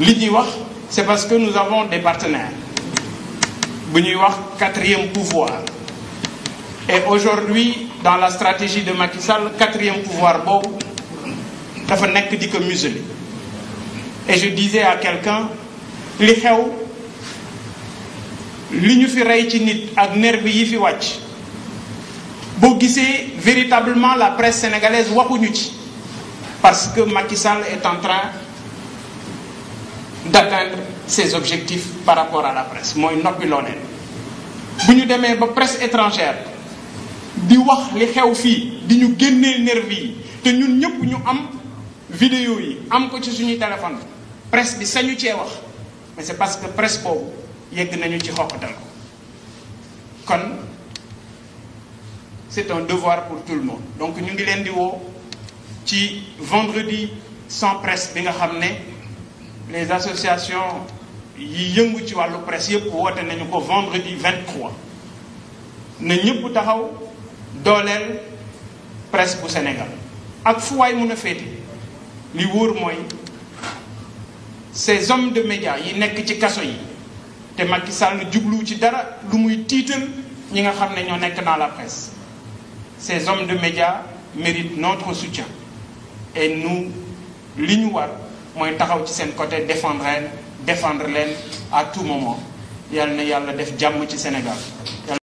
li ñuy wax c'est parce que nous avons des partenaires bu ñuy wax quatrième pouvoir et aujourd'hui dans la stratégie de Macky Sall quatrième pouvoir boobu dafa nekk di ko museler et je disais à quelqu'un li xew li ñu fi rey ci nit ak nerf yi fi wàcc boo gisee véritablement la presse sénégalaise waxuñu ci parce que Macky Sall est en train d'atteindre ses objectifs par rapport a la presse mooy noppi loo bu ñu demee ba presse étrangère di wax li xew fii di ñu génnee nervi te ñun ñëpp ñu am vidéo yi am ko ci suñuy téléphone presse bi sañu cee wax mais c'est parce que presse boobu yegg nañu ci xoqatal ko kon c'est un devoir pour tout le monde donc ñu ngi leen di woo ci vendredi sans presse bi nga xam ne les associations yi yëngu ci wàllu presse yëpp woote nañu ko vendredi 23 na ñëpp taxaw dooleel presque bu Sénégal ak fu waay mun a féete li wóor mooy ces hommes de médias yi nekk ci kaso yi te Macky Sall jublu ci dara lu muy tiital ñi nga xam ne ñoo nekk dans la presse ces hommes de médias méritent notre soutien et li ñu war mooy taxaw ci seen côté défendre defendre leen à tout moment yàlla na yàlla def jàmm ci Sénégal